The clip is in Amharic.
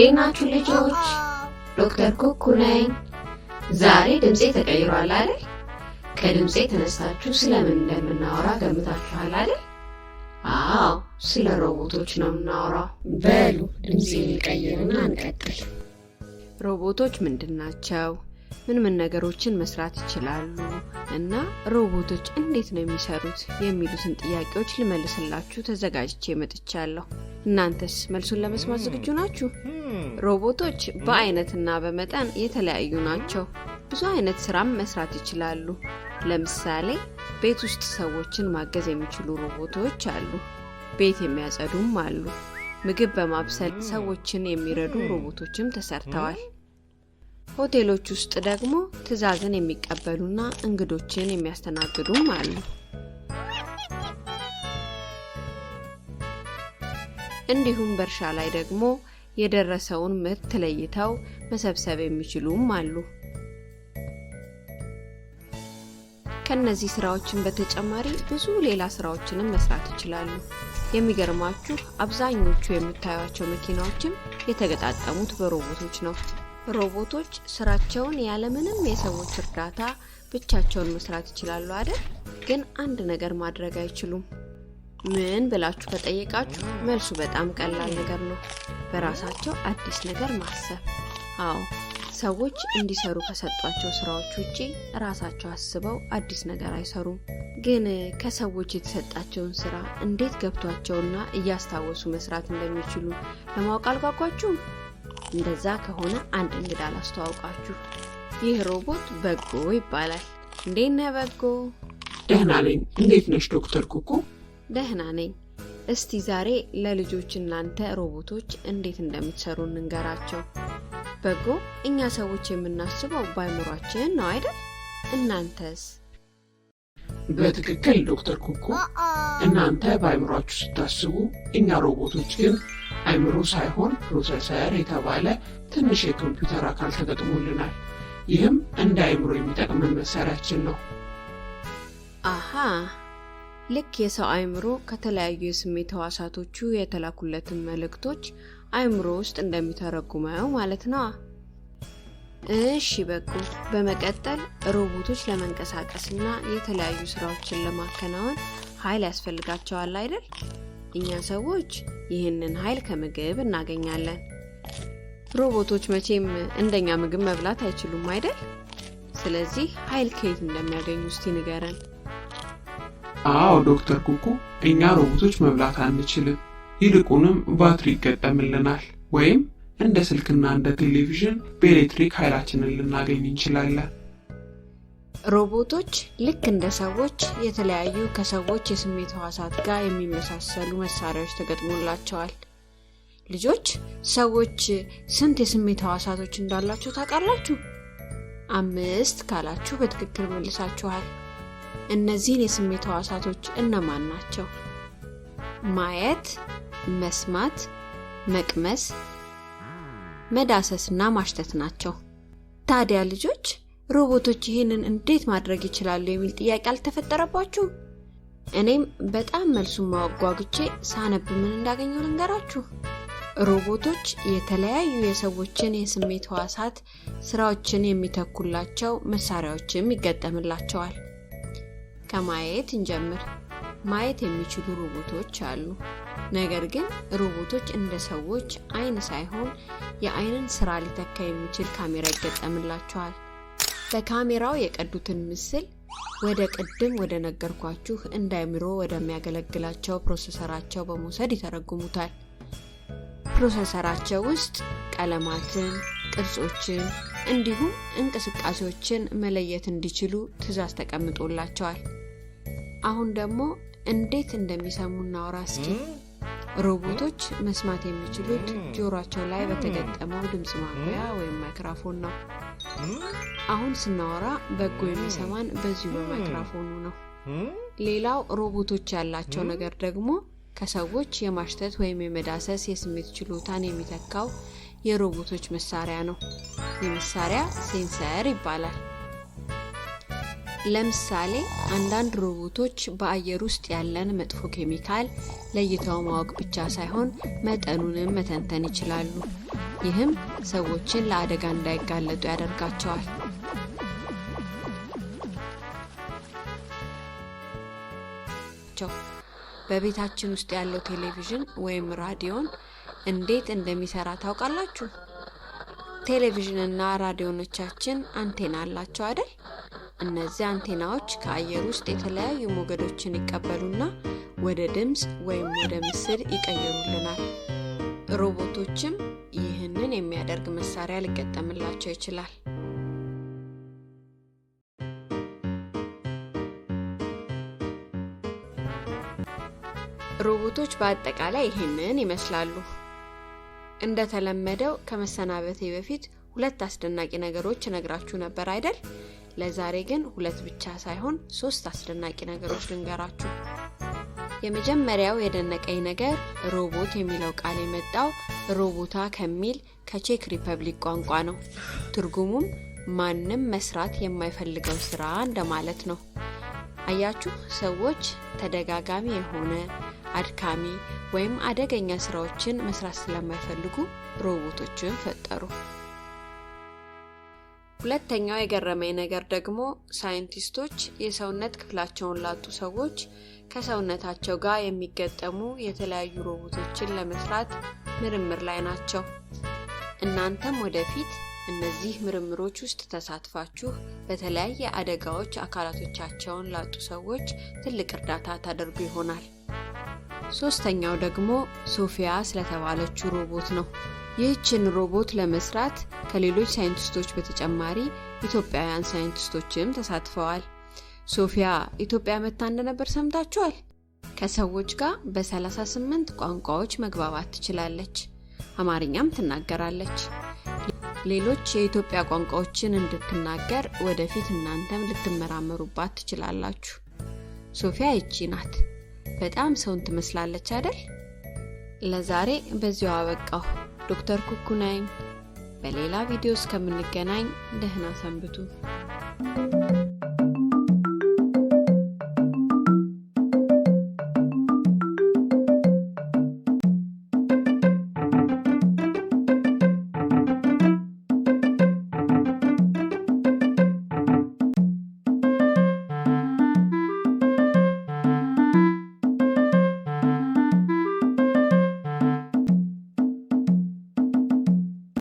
እንዴት ናችሁ ልጆች? ዶክተር ኩኩ ነኝ። ዛሬ ድምፄ ተቀይሯል አይደል? ከድምፄ ተነስታችሁ ስለምን እንደምናወራ ገምታችኋል አይደል? አዎ፣ ስለ ሮቦቶች ነው የምናወራው። በሉ ድምፄ እንቀይርና እንቀጥል። ሮቦቶች ምንድን ናቸው? ምን ምን ነገሮችን መስራት ይችላሉ? እና ሮቦቶች እንዴት ነው የሚሰሩት? የሚሉትን ጥያቄዎች ልመልስላችሁ ተዘጋጅቼ መጥቻለሁ። እናንተስ መልሱን ለመስማት ዝግጁ ናችሁ? ሮቦቶች በአይነትና በመጠን የተለያዩ ናቸው። ብዙ አይነት ስራም መስራት ይችላሉ። ለምሳሌ ቤት ውስጥ ሰዎችን ማገዝ የሚችሉ ሮቦቶች አሉ። ቤት የሚያጸዱም አሉ። ምግብ በማብሰል ሰዎችን የሚረዱ ሮቦቶችም ተሰርተዋል። ሆቴሎች ውስጥ ደግሞ ትዕዛዝን የሚቀበሉና እንግዶችን የሚያስተናግዱም አሉ። እንዲሁም በእርሻ ላይ ደግሞ የደረሰውን ምርት ለይተው መሰብሰብ የሚችሉም አሉ። ከነዚህ ስራዎችን በተጨማሪ ብዙ ሌላ ስራዎችንም መስራት ይችላሉ። የሚገርማችሁ አብዛኞቹ የምታዩቸው መኪናዎችም የተገጣጠሙት በሮቦቶች ነው። ሮቦቶች ስራቸውን ያለምንም የሰዎች እርዳታ ብቻቸውን መስራት ይችላሉ አይደል? ግን አንድ ነገር ማድረግ አይችሉም። ምን ብላችሁ ከጠየቃችሁ መልሱ በጣም ቀላል ነገር ነው። በራሳቸው አዲስ ነገር ማሰብ። አዎ ሰዎች እንዲሰሩ ከሰጧቸው ስራዎች ውጪ ራሳቸው አስበው አዲስ ነገር አይሰሩም። ግን ከሰዎች የተሰጣቸውን ስራ እንዴት ገብቷቸውና እያስታወሱ መስራት እንደሚችሉ ለማወቅ አልጓጓችሁም? እንደዛ ከሆነ አንድ እንግዳ ላስተዋውቃችሁ። ይህ ሮቦት በጎ ይባላል። እንዴት ነህ በጎ? ደህና ነኝ። እንዴት ነሽ ዶክተር ኩኩ? ደህና ነኝ። እስቲ ዛሬ ለልጆች እናንተ ሮቦቶች እንዴት እንደምትሰሩ እንንገራቸው። በጎ እኛ ሰዎች የምናስበው በአእምሯችን ነው አይደል? እናንተስ? በትክክል ዶክተር ኩኩ፣ እናንተ በአእምሯችሁ ስታስቡ፣ እኛ ሮቦቶች ግን አይምሮ ሳይሆን ፕሮሰሰር የተባለ ትንሽ የኮምፒውተር አካል ተገጥሞልናል። ይህም እንደ አይምሮ የሚጠቅመን መሳሪያችን ነው። አሃ ልክ የሰው አእምሮ ከተለያዩ የስሜት ህዋሳቶቹ የተላኩለትን መልእክቶች አእምሮ ውስጥ እንደሚተረጉመው ማለት ነው። እሺ በቁ በመቀጠል ሮቦቶች ለመንቀሳቀስና የተለያዩ ስራዎችን ለማከናወን ኃይል ያስፈልጋቸዋል አይደል? እኛ ሰዎች ይህንን ኃይል ከምግብ እናገኛለን። ሮቦቶች መቼም እንደኛ ምግብ መብላት አይችሉም አይደል? ስለዚህ ኃይል ከየት እንደሚያገኙ እስቲ ንገረን። አዎ ዶክተር ኩኩ፣ እኛ ሮቦቶች መብላት አንችልም። ይልቁንም ባትሪ ይገጠምልናል ወይም እንደ ስልክና እንደ ቴሌቪዥን በኤሌክትሪክ ኃይላችንን ልናገኝ እንችላለን። ሮቦቶች ልክ እንደ ሰዎች የተለያዩ ከሰዎች የስሜት ህዋሳት ጋር የሚመሳሰሉ መሳሪያዎች ተገጥሞላቸዋል። ልጆች ሰዎች ስንት የስሜት ህዋሳቶች እንዳላችሁ ታውቃላችሁ? አምስት ካላችሁ በትክክል መልሳችኋል። እነዚህን የስሜት ህዋሳቶች እነማን ናቸው? ማየት፣ መስማት፣ መቅመስ፣ መዳሰስ እና ማሽተት ናቸው። ታዲያ ልጆች ሮቦቶች ይህንን እንዴት ማድረግ ይችላሉ የሚል ጥያቄ አልተፈጠረባችሁም? እኔም በጣም መልሱን ማወቅ ጓጉቼ ሳነብ ምን እንዳገኘው ልንገራችሁ። ሮቦቶች የተለያዩ የሰዎችን የስሜት ህዋሳት ስራዎችን የሚተኩላቸው መሳሪያዎችም ይገጠምላቸዋል። ከማየት እንጀምር። ማየት የሚችሉ ሮቦቶች አሉ። ነገር ግን ሮቦቶች እንደ ሰዎች አይን ሳይሆን የአይንን ስራ ሊተካ የሚችል ካሜራ ይገጠምላቸዋል። በካሜራው የቀዱትን ምስል ወደ ቅድም ወደ ነገርኳችሁ እንደ ወደሚያገለግላቸው ፕሮሰሰራቸው በመውሰድ ይተረጉሙታል። ፕሮሰሰራቸው ውስጥ ቀለማትን፣ ቅርጾችን እንዲሁም እንቅስቃሴዎችን መለየት እንዲችሉ ትእዛዝ ተቀምጦላቸዋል። አሁን ደግሞ እንዴት እንደሚሰሙ እናውራ እስኪ። ሮቦቶች መስማት የሚችሉት ጆሯቸው ላይ በተገጠመው ድምፅ ማጉያ ወይም ማይክራፎን ነው። አሁን ስናወራ በጎ የሚሰማን በዚሁ በማይክራፎኑ ነው። ሌላው ሮቦቶች ያላቸው ነገር ደግሞ ከሰዎች የማሽተት ወይም የመዳሰስ የስሜት ችሎታን የሚተካው የሮቦቶች መሳሪያ ነው። ይህ መሳሪያ ሴንሰር ይባላል። ለምሳሌ አንዳንድ ሮቦቶች በአየር ውስጥ ያለን መጥፎ ኬሚካል ለይተው ማወቅ ብቻ ሳይሆን መጠኑንም መተንተን ይችላሉ። ይህም ሰዎችን ለአደጋ እንዳይጋለጡ ያደርጋቸዋል። በቤታችን ውስጥ ያለው ቴሌቪዥን ወይም ራዲዮን እንዴት እንደሚሰራ ታውቃላችሁ? ቴሌቪዥንና ራዲዮኖቻችን አንቴና አላቸው አይደል? እነዚህ አንቴናዎች ከአየር ውስጥ የተለያዩ ሞገዶችን ይቀበሉና ወደ ድምፅ ወይም ወደ ምስል ይቀይሩልናል። ሮቦቶችም ይህንን የሚያደርግ መሳሪያ ሊገጠምላቸው ይችላል። ሮቦቶች በአጠቃላይ ይህንን ይመስላሉ። እንደተለመደው ከመሰናበቴ በፊት ሁለት አስደናቂ ነገሮች እነግራችሁ ነበር አይደል? ለዛሬ ግን ሁለት ብቻ ሳይሆን ሶስት አስደናቂ ነገሮች ልንገራችሁ። የመጀመሪያው የደነቀኝ ነገር ሮቦት የሚለው ቃል የመጣው ሮቦታ ከሚል ከቼክ ሪፐብሊክ ቋንቋ ነው። ትርጉሙም ማንም መስራት የማይፈልገው ስራ እንደማለት ነው። አያችሁ፣ ሰዎች ተደጋጋሚ የሆነ አድካሚ ወይም አደገኛ ስራዎችን መስራት ስለማይፈልጉ ሮቦቶችን ፈጠሩ። ሁለተኛው የገረመኝ ነገር ደግሞ ሳይንቲስቶች የሰውነት ክፍላቸውን ላጡ ሰዎች ከሰውነታቸው ጋር የሚገጠሙ የተለያዩ ሮቦቶችን ለመስራት ምርምር ላይ ናቸው። እናንተም ወደፊት እነዚህ ምርምሮች ውስጥ ተሳትፋችሁ በተለያየ አደጋዎች አካላቶቻቸውን ላጡ ሰዎች ትልቅ እርዳታ ታደርጉ ይሆናል። ሶስተኛው ደግሞ ሶፊያ ስለተባለችው ሮቦት ነው። ይህችን ሮቦት ለመስራት ከሌሎች ሳይንቲስቶች በተጨማሪ ኢትዮጵያውያን ሳይንቲስቶችም ተሳትፈዋል። ሶፊያ ኢትዮጵያ መታ እንደነበር ሰምታችኋል። ከሰዎች ጋር በ38 ቋንቋዎች መግባባት ትችላለች። አማርኛም ትናገራለች። ሌሎች የኢትዮጵያ ቋንቋዎችን እንድትናገር ወደፊት እናንተም ልትመራመሩባት ትችላላችሁ። ሶፊያ ይቺ ናት። በጣም ሰውን ትመስላለች አይደል? ለዛሬ በዚሁ አበቃሁ። ዶክተር ኩኩ ነኝ። በሌላ ቪዲዮ እስከምንገናኝ ደህና ሰንብቱ።